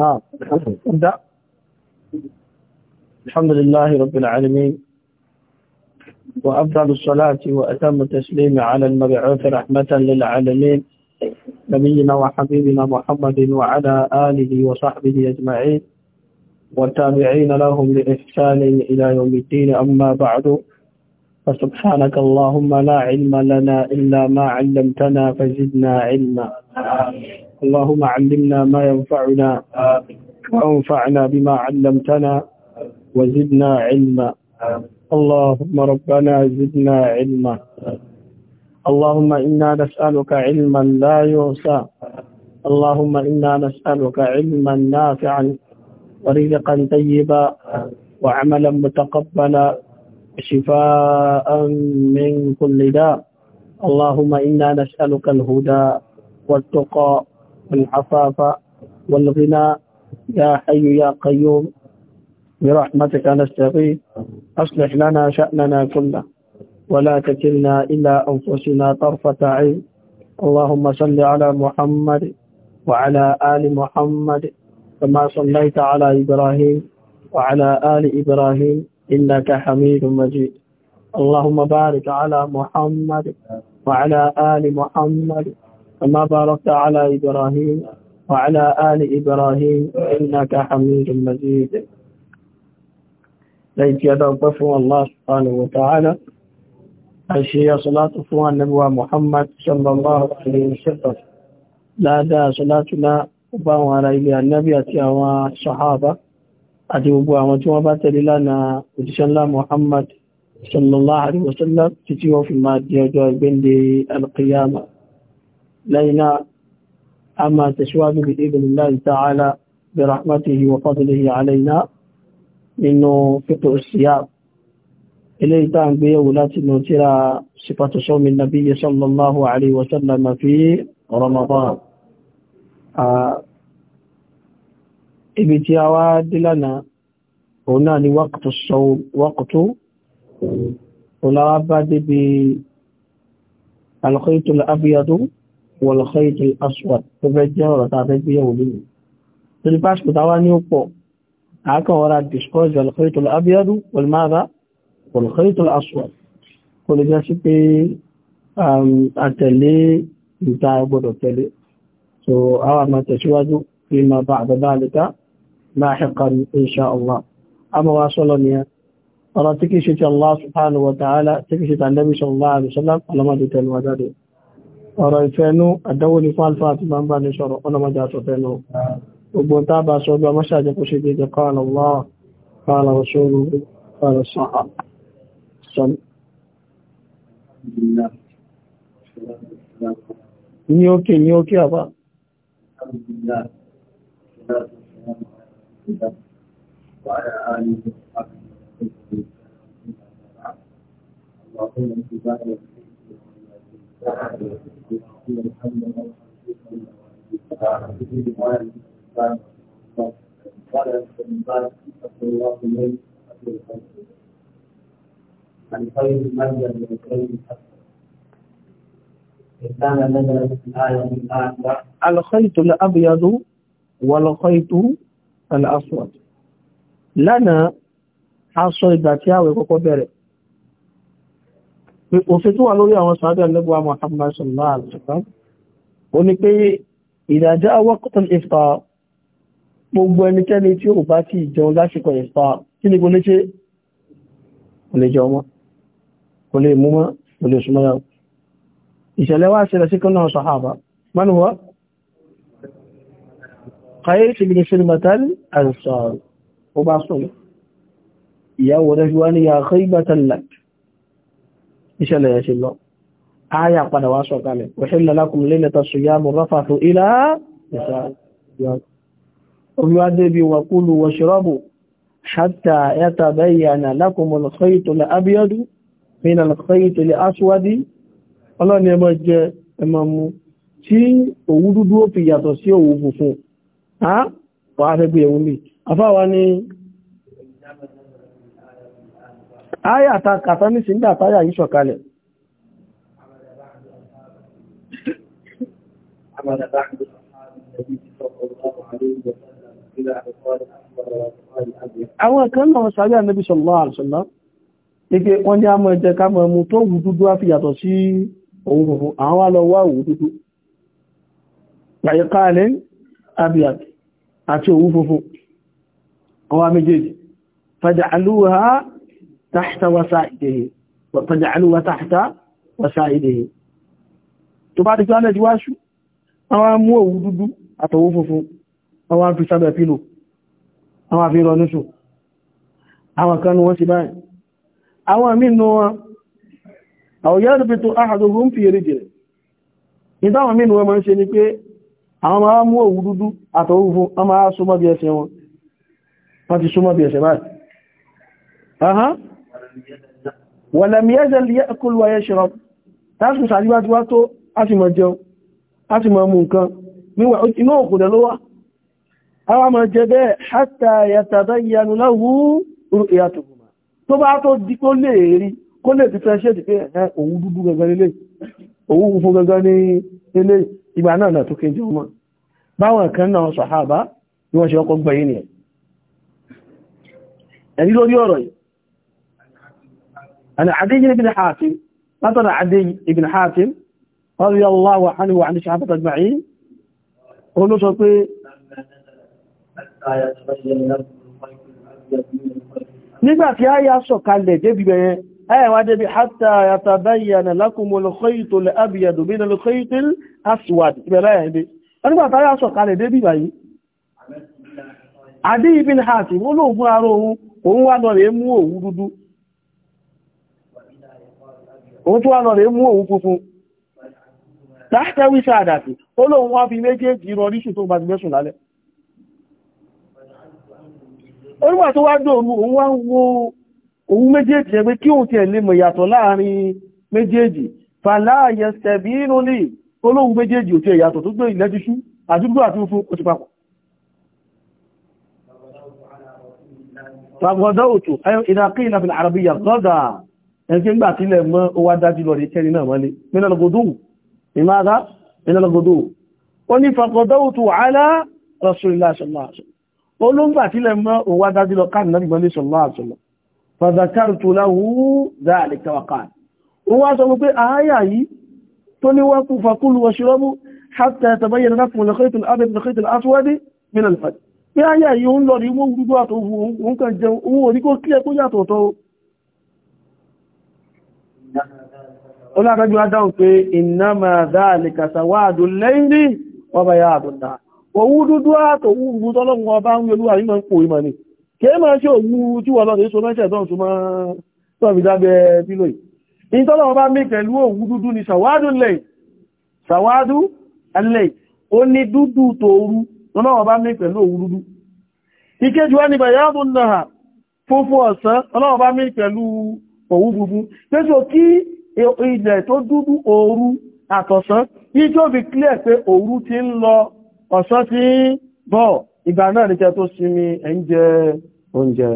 ها الحمد لله رب العالمين وأفضل الصلاة وأتم التسليم على المبعوث رحمة للعالمين نبينا وحبيبنا محمد وعلى آله وصحبه أجمعين والتابعين لهم بإحسان إلى يوم الدين أما بعد فسبحانك اللهم لا علم لنا إلا ما علمتنا فزدنا علما آمين اللهم علمنا ما ينفعنا وانفعنا بما علمتنا وزدنا علما اللهم ربنا زدنا علما اللهم إنا نسألك علما لا يوصى اللهم إنا نسألك علما نافعا ورزقا طيبا وعملا متقبلا شفاء من كل داء اللهم إنا نسألك الهدى والتقى والعفاف والغنى يا حي يا قيوم برحمتك نستغيث أصلح لنا شأننا كله ولا تكلنا إلى أنفسنا طرفة عين اللهم صل على محمد وعلى آل محمد كما صليت على إبراهيم وعلى آل إبراهيم إنك حميد مجيد اللهم بارك على محمد وعلى آل محمد كما باركت على إبراهيم وعلى آل إبراهيم إنك حميد مجيد ليت يدعو الله سبحانه وتعالى أشياء صلاة فوان النبوة محمد صلى الله عليه وسلم لا دا صلاتنا وباو على إلي النبي أتياوا صحابة أتيوبوا وتوابات لنا وتسلى محمد صلى الله عليه وسلم تتيوا في المادية جوال بندي القيامة لينا أما تشواب بإذن الله تعالى برحمته وفضله علينا من فقه الصيام إليه تان بيولات نوترى صفة صوم النبي صلى الله عليه وسلم في رمضان إبتي أواد لنا هنا لوقت الصوم وقت ولا أبد بالخيط الأبيض والخيط الأسود فبيتين ولا تعبت بيه ولين تلباس بتواني وفو هاكا وراد بيسكوز والخيط الأبيض والماذا والخيط الأسود كل جاسبي أم أتلي يتعبد أتلي سو أوا ما تشوازو فيما بعد ذلك لاحقا إن شاء الله أما واصلني أرى تكيشت الله سبحانه وتعالى تكيشت النبي صلى الله عليه وسلم على ما تتلوى ọ̀rọ̀ ìfẹ́nú àdánwò ní fàálfà àti gbangba ní sọ̀rọ̀ ọlọ́mọdé àtọ̀fẹ́nú gbogbo tá bá sọ ọgbà mọ́ṣàjẹ́ kó ṣe gẹ́gẹ́ qala Allah qala rasulu qala الخير من الخيط الأبيض والخيط الأسود لنا حصل ذاتيا ياوي بيري òfin tó wà lórí àwọn sàádà lẹ́gbọ́ Muhammad sallallahu alaihi wasallam ó ní pé ìdájá waqtul iftar gbogbo ẹnikẹ́ni tí ó bá ti jẹun lásìkò iftar kí ni kò lè ṣe kò lè jẹun mọ́ kò lè mú mọ́ ya khaybatan ìṣẹ̀lẹ̀ yẹn ṣe lọ áyà padà wá sọ̀kalẹ̀ uhilla lakum laylata siyamu rafathu ila nisaikum olúwádé bí wakulu washrabu hatta yatabayyana lakum al-khaytu al-abyadu min al-khaytu al-aswadi ọlọ́ni ẹmọ áyà ta kàtàmì sí ìgbà táyà yìí sọ̀kalẹ̀ àwọn kan náà sáré ànẹ́bí sallallahu alaihi wasallam ike wọ́n ní a mọ̀ ẹ̀jẹ̀ ká mọ̀ ẹ̀mú tó wù dúdú á fi yàtọ̀ sí òun fòfò àwọn alọ́wà òwú dúdú pàyẹ̀kálẹ̀ abiyat àti òwú fòfò àwọn méjèèjì fàjà alúwà تحت وسائده وتجعلوها تحت وسائده tó bá ti kí ánẹ̀ díwáṣú àwọn mú òwú dúdú àtọ̀wó funfun àwọn fi sábẹ̀ pílò àwọn àfi rọ níṣò àwọn kan wọ́n sí báyìí àwọn mínú wọn àwọn yẹ́ rẹ̀ tó áhàdógún ń fi eré jẹ̀rẹ̀ ìdáwọn mínú wọn máa ń ṣe ni pé àwọn máa mú òwú dúdú àtọ̀wó funfun wọ́n máa súnmọ́ bí ẹsẹ̀ wọn wọ́n ti súnmọ́ bí ẹsẹ̀ báyìí wọ̀lẹ̀m yẹ́zẹ̀l yẹ́kùl wọ yẹ́ṣọ́rọ̀ tásù sàríwájú wá tó ásìmọ̀ jẹun ásìmọ̀ mú nǹkan níwà inú òkùnlẹ̀ ló wá àwọn àmọ̀ jẹ bẹ́ẹ̀ hátà yàtàdá ìyanu láwú ìyàtùkùnmà tó bá tó di kó lè rí kó lè ti fẹ́ pé ẹ̀ òun dúdú gangan nílé òun funfun gangan ní ilé ìgbà náà náà tó kéjọ mọ́ báwọn kan náà sọ̀hábá ni wọ́n ṣe ọkọ̀ أنا عدي بن حاتم نظر عدي بن حاتم رضي الله عنه وعن الشعبة أجمعين قلوا شطي nígbà tí a yá sọ̀kalẹ̀ débi bẹ̀yẹn ẹwà débi hátà yàtàbáyàna lákùnmọ̀lùkọ́ìtò lẹ́àbìyàdò bí lọ́lùkọ́ìtò aswad ìbẹ̀rẹ̀ ẹ̀dẹ́ nígbà tí a yá sọ̀kalẹ̀ débi báyìí adé ibin hàtì wọ́n lóògùn ara ohun òun wá lọ rẹ̀ mú òwú dúdú òun tó wà lọ rẹ̀ mú òun funfun látẹ́wíṣà àdàtì ó lóun wá fi méjèèjì rọ ríṣù tó bá ti mẹ́sùn lálẹ́ orígbà tó wá dòrú òun wá wo òun méjèèjì ẹgbẹ́ kí òun ti ẹ̀lẹ́ mọ̀ ìyàtọ̀ láàrin méjèèjì fàláàyẹ sẹ̀bí ìrúnlé قيل في العربية غدا ẹ̀kí ńgbà tí ilẹ̀ mọ́ ó wá dájú lọ rí kẹrin náà wọlé mínàlọ́gọ́dọ́ ìmára mínàlọ́gọ́dọ́ ó ní fàkọ̀dọ́wùtù alá rasulillah sallallahu alaihi wasallam olóńgbà tí ilẹ̀ mọ́ ó wá dájú lọ káàkiri náà gbọ́lé sallallahu alaihi wasallam fàzàkàrùtù láwú dáàlìkà wàkàn ó wá sọ pé àáyà yìí tó ní wọ́n kú fàkúlù washrabu hatta tabayyana lakum al-khayt al olárẹ́jú adáhùn pé innama dhalika sawadu al-layli wa bayadu an-nahar òwú dúdú àtòwú gbogbo tọ́lọ́run ọba ń wẹlú àrímọ̀ ń pò ìmọ̀ ni kí máa ṣe òwú tí wọ́n lọ́dẹ̀ so mẹ́ṣẹ̀ tọ́n súnmọ́ tọ́bí dábẹ́ pílò yìí in tọ́lọ́run bá mí pẹ̀lú òwú dúdú ni sàwádùn lẹ̀ sàwádù alẹ́ ó ní dúdú tòru tọ́lọ́run bá mí pẹ̀lú òwú dúdú ìkéjì wá ní bayadun nahar funfun ọ̀sán ọlọ́run bá òun dúdú pẹ́sọ kí ilẹ̀ tó dúdú òru àtọ̀sán yìí tó fi clear pé òru ti ń lọ ọ̀sán ti ń bọ̀ ìgbà náà ní kẹ́ tó sinmi ẹ̀ ń jẹ oúnjẹ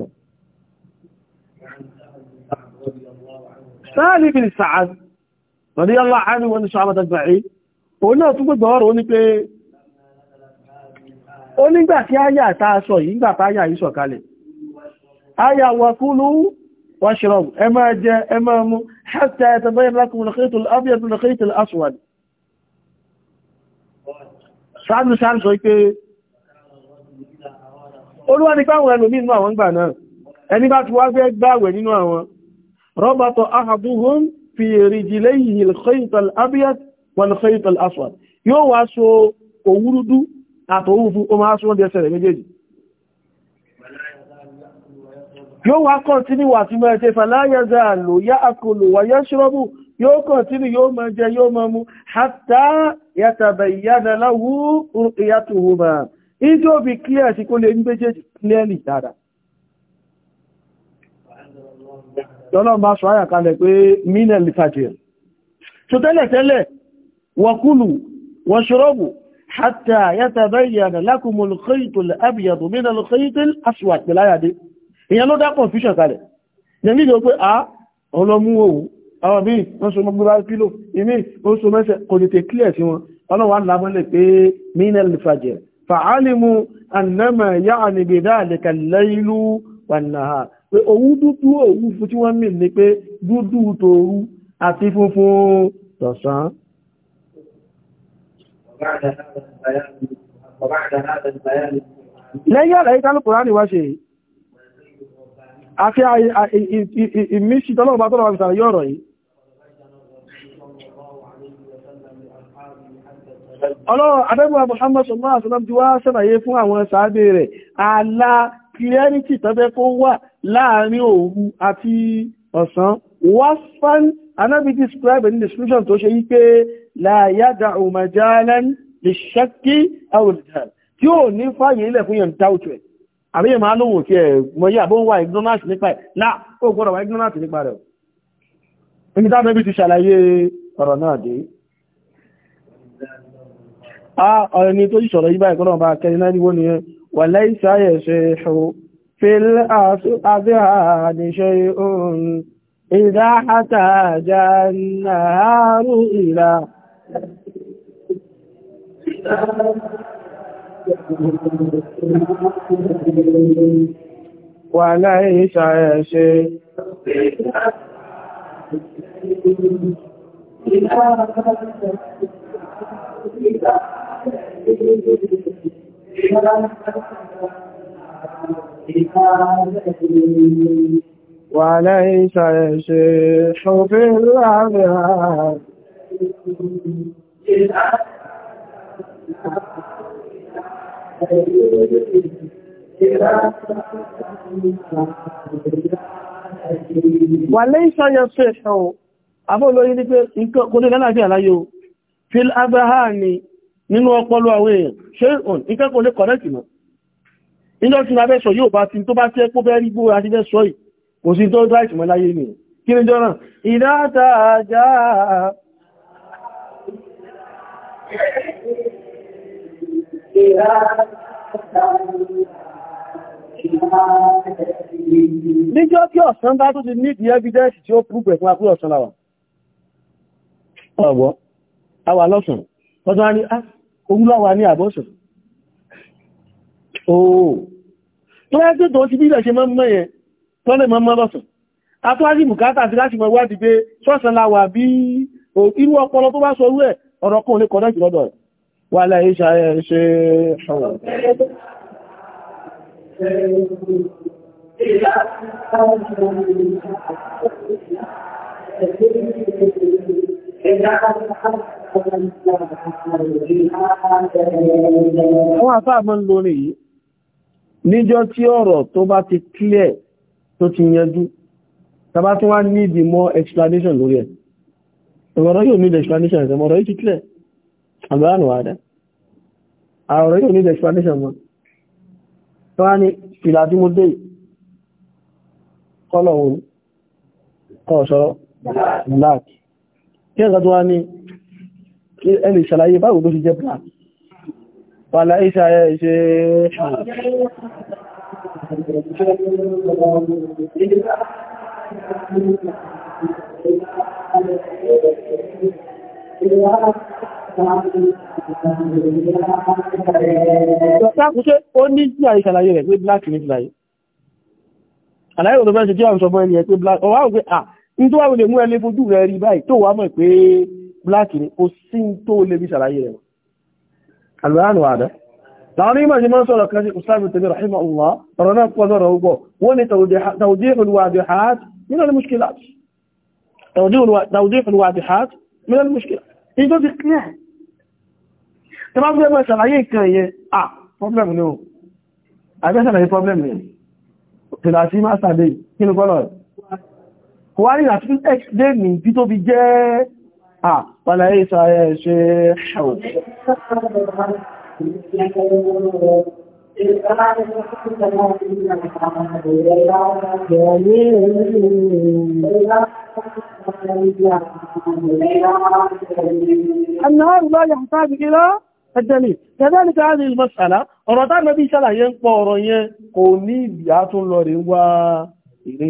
sáàlì bin sa'ad rọ̀dí ni ṣàbàtà gbàrí òun náà tún gbogbo ọ̀rọ̀ ní pé ó nígbà tí áyà tàà sọ yìí nígbà tàà yà yìí sọ̀kalẹ̀ áyà wà kúlú واشربوا اما جاء امامه حتى يتبين لكم الخيط الابيض من الخيط الاسود سعد بن سعد sọ pé Olúwa ní pàwọn ẹlòmí nínú àwọn gbà náà ẹni bá ti wá fẹ́ gbàwẹ̀ nínú àwọn ربط احدهم في رجليه الخيط الابيض والخيط الاسود yóò wá so òwúrúdú àtòwúfú o máa sún ọdẹ ẹsẹ̀ rẹ̀ méjèèjì yóò wá kọ̀ntínú wà tí mẹ́rin tẹfà láyẹ́zà lò yá àkọlò wà yá ṣírọ́bù yóò kọ̀ntínú yóò mọ jẹ yóò mọ mú hátà yàtàbẹ̀ ìyádà láwú ìyàtòhùmà ìjọ bí clear sí kó lè ní méjèèjì clearly èyàn ló dá confusion kalẹ̀ jẹ́mí ìjọ pé àá ọlọ́mú òwú àwọn bí wọ́n so mọ́ gbígbá kílò ìmí ó so mẹ́sẹ̀ kò lè tè clear sí wọn ọlọ́wà lábọ́lẹ̀ pé minel fajr fa'alimu annama ya'ni bi dhalika al-laylu wan-nahar pé òwú dúdú òwú fún tí wọ́n mìí ni pé dúdú tòru àti funfun tọ̀sán lẹ́yìn àlàyé tálùkùránì wá ṣe yìí àti ìmísí tọ́lọ́pàá tọ́lọ́pàá fi sàrẹ̀ yọ́rọ̀ yìí ọlọ́rọ̀ adẹ́gbà Muhammad sallallahu alaihi wasallam ti wá sẹ́nàyé fún àwọn sàábé rẹ̀ àlà kìrẹ́rìtì tọ́fẹ́ kó wà láàrin òru àti ọ̀sán wasfan anábi describe in description tó ṣe yí pé la yada'u majalan lishakki aw al-jahal tí ó ní fàyè ilẹ̀ fún yẹn dáútù ẹ̀ àbí yẹn máa lóhùn tí ẹ mọ yí àbó ń wà ignorance nípa ẹ̀ náà ó gbọ́dọ̀ wà ignorance nípa rẹ̀ níbi táwọn ẹbí ti ṣàlàyé ọ̀rọ̀ náà dé ọ̀rọ̀ ni tó ṣọ̀rọ̀ yí báyìí kọ́nà bá kẹrin náà níwó ni wà láì sáyẹ̀ وليس شيء وليس يشيح في الأبعاد Wàlẹ́ ìṣọ́yọ̀ sí ẹ̀ṣọ́ o, àfóòlóyìn ní pé kò ní lẹ́nà àti àláyé o, fil abraha ni nínú ọpọlọ àwọn èèyàn, ṣe òun, ikẹ́ kò lè kọ̀rẹ́kì mọ́. Ìjọ́ tí na bẹ́ṣọ yóò bá ti tó bá tí ẹkó bẹ́ rí bó àti bẹ́ṣọ yìí, Níjọ́ tí ọ̀sán bá tó ti ní the evidence tí ó púpẹ̀ fún akúrò ọ̀sán láwà. Ọ̀gbọ́, àwà lọ́sùn, ọdún a ní ah, orúlọ́wà ní àbọ́sùn. Oó, oh. tó wá tí tó ti bí ilẹ̀ ṣe mọ́ mọ́ yẹn, tọ́lẹ̀ mọ́ mọ́ lọ́sùn. A tó wá sí bùkátà sí láti mọ̀ wádìí pé ṣọ́sán láwà bí irú ọpọlọ tó bá sọ orú ẹ̀ ọ̀rọ̀ kan lè kọ̀dọ̀ ìrọ̀dọ̀ rẹ̀ wàhálà ìṣà ṣe ọ̀rọ̀. Wọ́n àfáà mọ́ lórí yìí, níjọ́ tí ọ̀rọ̀ tó bá ti clear tó ti yanjú, tàbá tún wá need more explanation lórí ẹ̀. Ọ̀rọ̀ yóò need explanation, ọ̀rọ̀ yìí ti clear àbúránù wà dá àwọ̀rọ̀ yóò need explanation mọ́ tó wá ní ìlà tí mo dé kọ́lọ̀ òun kọ́ọ̀ṣọ́ black kí ẹ̀sà tó wá ní ẹni ìṣàlàyé báwo ló ṣe jẹ́ black wà láì ṣe ṣe Thank you. Ṣọ́pùṣẹ́ ó ní tí àyí ṣàlàyé rẹ̀ pé black ní ṣàlàyé. Àlàyé òun fẹ́ ṣe tí àwọn sọ fún pé black. Ọwá òun à ń tó wà lè mú ẹlé fojú rẹ̀ rí báyìí tó wà mọ̀ pé black ní ó sí tó lè bí ṣàlàyé rẹ̀. tí wọ́n fẹ́ mọ́ ṣàlàyé ìkan yẹn ah problem ni o àgbẹ́sàlàyé problem yẹn tìlàtí master day kí ní kọ́lọ̀ kò wá rí àti x day ní bí tó fi jẹ́ ah pàlàyé ìsàyẹ ṣe ṣàwọ̀ النهار لا يحتاج إلى الدليل كذلك هذه المسألة ọ̀rọ̀ tá nàbí ṣàlàyé ń pọ̀ ọ̀rọ̀ yẹn kò ní ìdí àtúnlọ̀rẹ̀ wá ìrìn